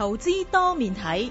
投資多面睇。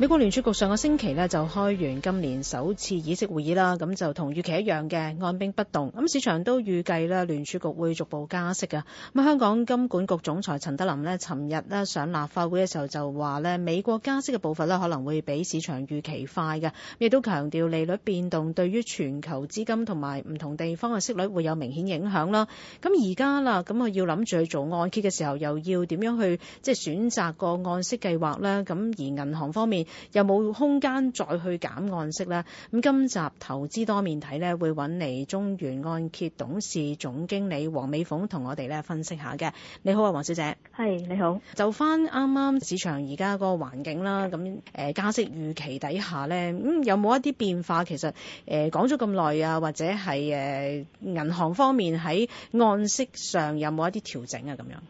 美國聯儲局上個星期呢，就開完今年首次議息會議啦，咁就同預期一樣嘅按兵不動。咁市場都預計呢，聯儲局會逐步加息嘅。咁香港金管局總裁陳德霖呢，尋日呢上立法會嘅時候就話呢，美國加息嘅步伐呢，可能會比市場預期快嘅，亦都強調利率變動對於全球資金同埋唔同地方嘅息率會有明顯影響啦。咁而家啦，咁我要諗住去做按揭嘅時候，又要點樣去即係、就是、選擇個按息計劃呢？咁而銀行方面，有冇空間再去減按息呢？咁今集投資多面睇呢，會揾嚟中原按揭董事總經理王美鳳同我哋呢分析下嘅。你好啊，王小姐。係你好。就翻啱啱市場而家嗰個環境啦，咁誒的加息預期底下呢，咁、嗯、有冇一啲變化？其實誒講咗咁耐啊，或者係誒、呃、銀行方面喺按息上有冇一啲調整啊？咁樣。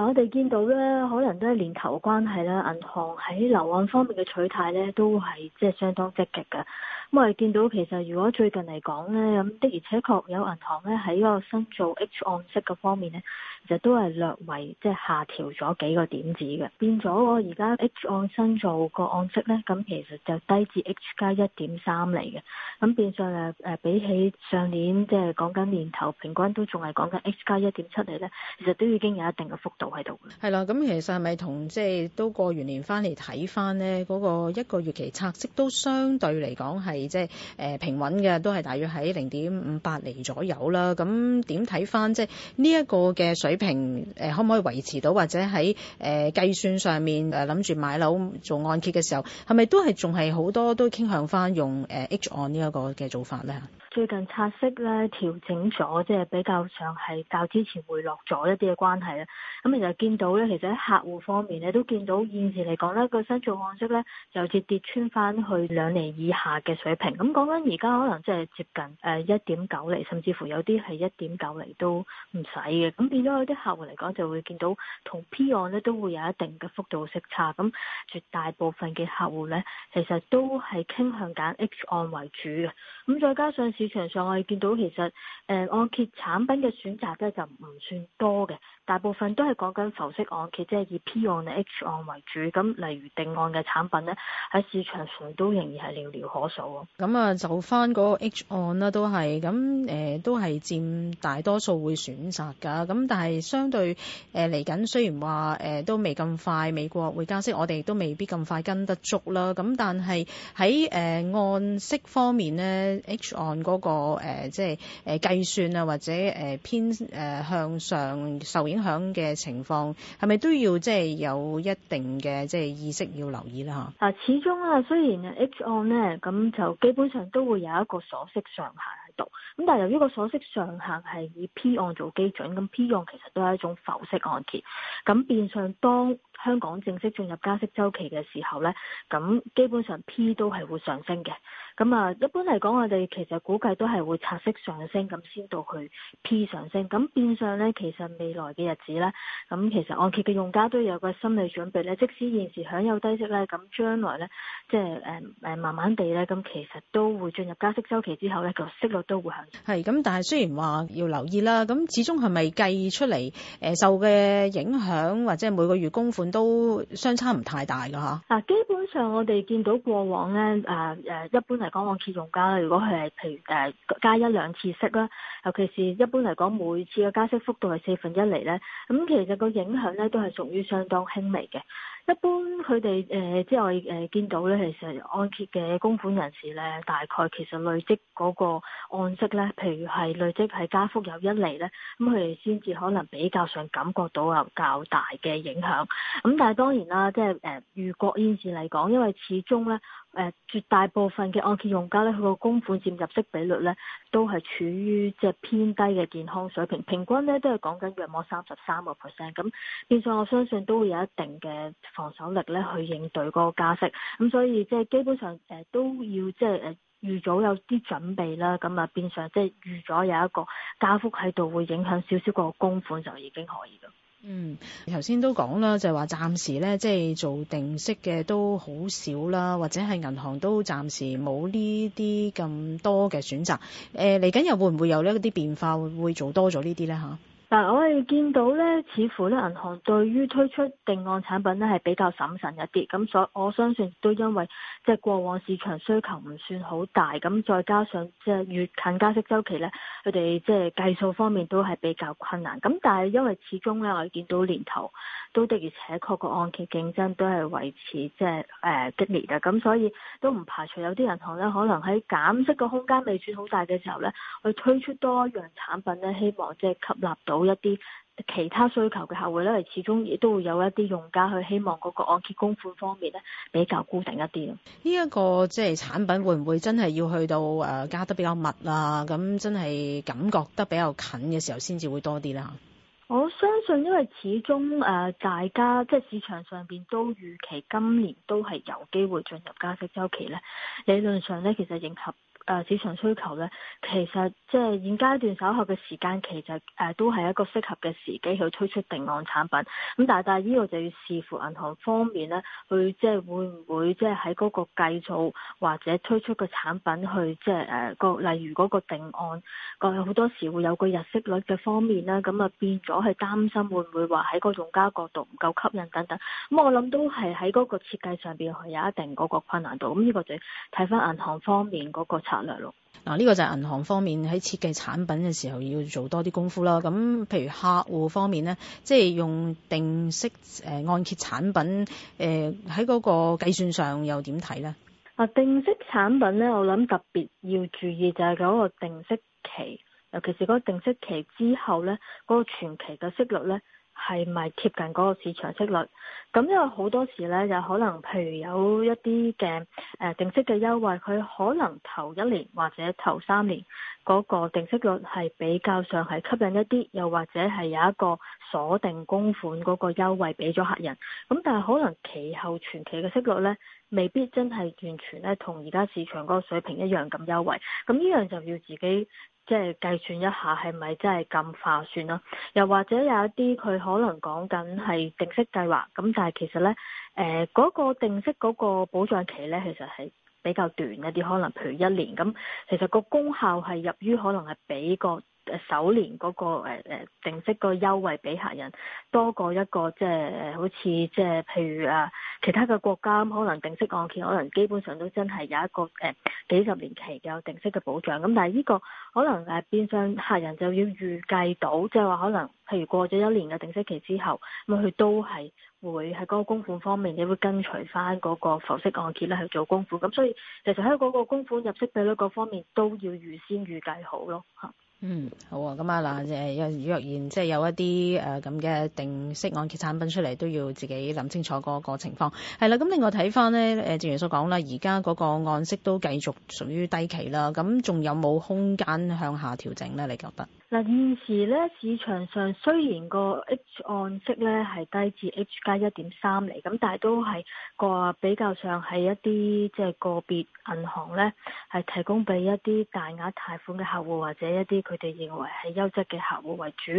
我哋見到咧，可能都係年頭關係啦。銀行喺樓按方面嘅取態咧，都係即係相當積極嘅。因為見到其實如果最近嚟講呢，咁的而且確有銀行咧喺個新做 H 按息嘅方面呢，其實都係略為即係、就是、下調咗幾個點子嘅。變咗我而家 H 按新做個按息呢，咁其實就低至 H 加一點三嚟嘅。咁變相誒、呃、比起上年即係講緊年頭平均都仲係講緊 H 加一點七嚟呢，其實都已經有一定嘅幅度喺度。係啦，咁其實係咪同即係都過完年翻嚟睇翻呢嗰、那個一個月期拆息都相對嚟講係。即係誒平穩嘅，都係大約喺零點五八厘左右啦。咁點睇翻即係呢一個嘅水平誒，可唔可以維持到，或者喺誒計算上面誒諗住買樓做按揭嘅時候，係咪都係仲係好多都傾向翻用誒 H 按呢一個嘅做法咧？最近拆息咧調整咗，即係比較上係較之前回落咗一啲嘅關係啦。咁其實見到咧，其實喺客戶方面咧，都見到現時嚟講咧個新造按息咧，就好似跌穿翻去兩釐以下嘅水平。咁講緊而家可能即係接近誒一點九厘，甚至乎有啲係一點九厘都唔使嘅。咁變咗有啲客戶嚟講就會見到同 P 按咧都會有一定嘅幅度息差。咁絕大部分嘅客戶咧，其實都係傾向揀 H 按為主嘅。咁再加上。市場上我哋見到其實誒按揭產品嘅選擇咧就唔算多嘅，大部分都係講緊浮息按揭，即係以 P 按 H 按為主。咁例如定按嘅產品咧喺市場上都仍然係寥寥可數。咁啊，就翻嗰個 H 按啦，都係咁誒，都係佔大多數會選擇㗎。咁但係相對誒嚟緊，呃、雖然話誒、呃、都未咁快，美國會加息，我哋都未必咁快跟得足啦。咁但係喺誒按息方面咧，H 按嗰、那個、呃、即係誒計算啊，或者誒偏誒、呃、向上受影響嘅情況，係咪都要即係有一定嘅即係意識要留意啦？嚇！嗱，始終啦、啊，雖然 H 按咧咁就基本上都會有一個鎖息上限喺度，咁但係由於個鎖息上限係以 P 按做基準，咁 P 按其實都係一種浮息按揭，咁變相當。香港正式進入加息周期嘅時候呢，咁基本上 P 都係會上升嘅。咁啊，一般嚟講，我哋其實估計都係會拆息上升，咁先到去 P 上升。咁變相呢，其實未來嘅日子呢，咁其實按揭嘅用家都有個心理準備呢。即使現時享有低息呢，咁將來呢，即係誒慢慢地呢，咁其實都會進入加息周期之後呢，個息率都會上升。係咁，但係雖然話要留意啦，咁始終係咪計出嚟誒、呃、受嘅影響或者每個月供款，都相差唔太大噶吓。啊，基本上我哋見到過往咧，誒誒，一般嚟講按揭用家啦。如果佢係譬如誒加一兩次息啦，尤其是一般嚟講，每次嘅加息幅度係四分一厘咧，咁其實個影響咧都係屬於相當輕微嘅。一般佢哋、呃、即係我哋誒見到咧，其實按揭嘅供款人士咧，大概其實累積嗰個按息咧，譬如係累積係加幅有一釐咧，咁佢哋先至可能比較上感覺到有較大嘅影響。咁但係當然啦，即係誒預國現時嚟講，因為始終咧。誒、呃，絕大部分嘅按揭用家咧，佢個供款佔入息比率咧，都係處於即係偏低嘅健康水平，平均咧都係講緊約摸三十三個 percent，咁變相我相信都會有一定嘅防守力咧，去應對嗰個加息，咁所以即係基本上誒、呃、都要即係誒預早有啲準備啦，咁啊變相即係預咗有一個加幅喺度會影響少少個供款就已經可以噶。嗯，頭先都講啦，就係話暫時咧，即係做定息嘅都好少啦，或者係銀行都暫時冇呢啲咁多嘅選擇。誒，嚟緊又會唔會有一啲變化，會會做多咗呢啲咧嚇？但我哋見到呢，似乎呢銀行對於推出定案產品呢係比較審慎一啲，咁所我相信都因為即係、就是、過往市場需求唔算好大，咁再加上即係越近加息週期呢，佢哋即係計數方面都係比較困難。咁但係因為始終呢，我見到年頭都的而且確個按揭競爭都係維持即係誒、呃、激烈嘅，咁所以都唔排除有啲銀行呢，可能喺減息個空間未算好大嘅時候呢，去推出多一樣產品呢，希望即係吸納到。一啲其他需求嘅客戶咧，係始終亦都會有一啲用家去希望嗰個按揭供款方面咧比較固定一啲咯。呢一、這個即係產品會唔會真係要去到誒、呃、加得比較密啊？咁真係感覺得比較近嘅時候先至會多啲咧？我相信，因為始終誒、呃、大家即係市場上邊都預期今年都係有機會進入加息周期咧。理論上咧，其實迎合。誒市場需求咧，其實即係現階段稍後嘅時間，其實誒都係一個適合嘅時機去推出定案產品。咁但係但係呢個就要視乎銀行方面咧，佢即係會唔會即係喺嗰個計數或者推出個產品去即係誒個例如嗰個定案個好多時會有個日息率嘅方面啦。咁啊變咗係擔心會唔會話喺嗰個用家角度唔夠吸引等等。咁我諗都係喺嗰個設計上邊係有一定嗰個困難度。咁呢個就睇翻銀行方面嗰個。策略咯，嗱呢個就係銀行方面喺設計產品嘅時候要做多啲功夫啦。咁譬如客戶方面呢，即係用定息誒按揭產品誒喺嗰個計算上又點睇呢？啊，定息產品呢，我諗特別要注意就係嗰個定息期，尤其是嗰個定息期之後呢，嗰、嗰個存期嘅息率呢。係咪貼近嗰個市場息率？咁因為好多時呢，有可能譬如有一啲嘅誒定息嘅優惠，佢可能頭一年或者頭三年嗰個定息率係比較上係吸引一啲，又或者係有一個鎖定供款嗰個優惠俾咗客人。咁但係可能期後全期嘅息率呢，未必真係完全呢同而家市場嗰個水平一樣咁優惠。咁呢樣就要自己。即係計算一下係咪真係咁划算咯？又或者有一啲佢可能講緊係定息計劃，咁但係其實呢，誒、呃、嗰、嗰個定息嗰個保障期呢，其實係比較短一啲，可能譬如一年，咁其實個功效係入於可能係比個。誒，首年嗰個誒誒定息個優惠俾客人多過一個，即係誒好似即係譬如啊，其他嘅國家可能定息按揭可能基本上都真係有一個誒幾十年期嘅定息嘅保障。咁但係呢個可能誒，變相客人就要預計到，即係話可能譬如過咗一年嘅定息期之後，咁佢都係會喺嗰個供款方面，你會跟隨翻嗰個浮息按揭咧去做供款。咁所以其實喺嗰個供款入息比率各方面都要預先預計好咯，吓。嗯，好啊。咁啊嗱，誒，若若然即係有一啲誒咁嘅定息按揭產品出嚟，都要自己諗清楚嗰、嗰個嗰個情況。係啦，啊。咁另外睇翻咧，誒，正如所講啦，而家嗰個按息都繼續屬於低期啦。咁仲有冇空間向下調整咧？你覺得？嗱，現時咧，市場上雖然個 H 按息咧係低至 H 加一點三厘，咁但係都係個比較上係一啲即係個別銀行咧，係提供俾一啲大額貸款嘅客戶或者一啲佢哋認為係優質嘅客戶為主。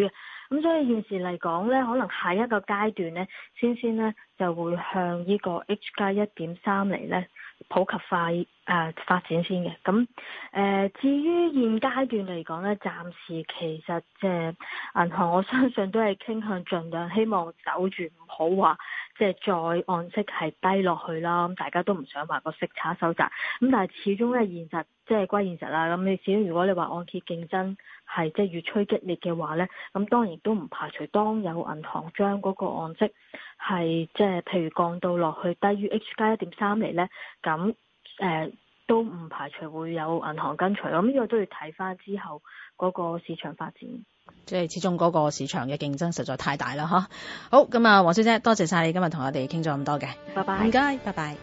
咁所以現時嚟講呢，可能下一個階段呢，先先呢就會向呢個 H 加一點三嚟呢普及化誒、呃、發展先嘅。咁誒、呃，至於現階段嚟講呢暫時其實即係、呃、銀行，我相信都係傾向盡量希望守住，唔好話。即係再按息係低落去啦，咁大家都唔想話個息差收窄，咁但係始終咧現實即係歸現實啦，咁你始終如果你話按揭競爭係即係越趨激烈嘅話咧，咁當然都唔排除當有銀行將嗰個按息係即係譬如降到落去低於 H 加一點三嚟咧，咁誒。都唔排除會有銀行跟隨，咁呢個都要睇返之後嗰、那個市場發展。即係始終嗰個市場嘅競爭實在太大啦，吓。好，咁、嗯、啊，王小姐，多謝晒你今日同我哋傾咗咁多嘅拜，拜拜，唔該，拜拜。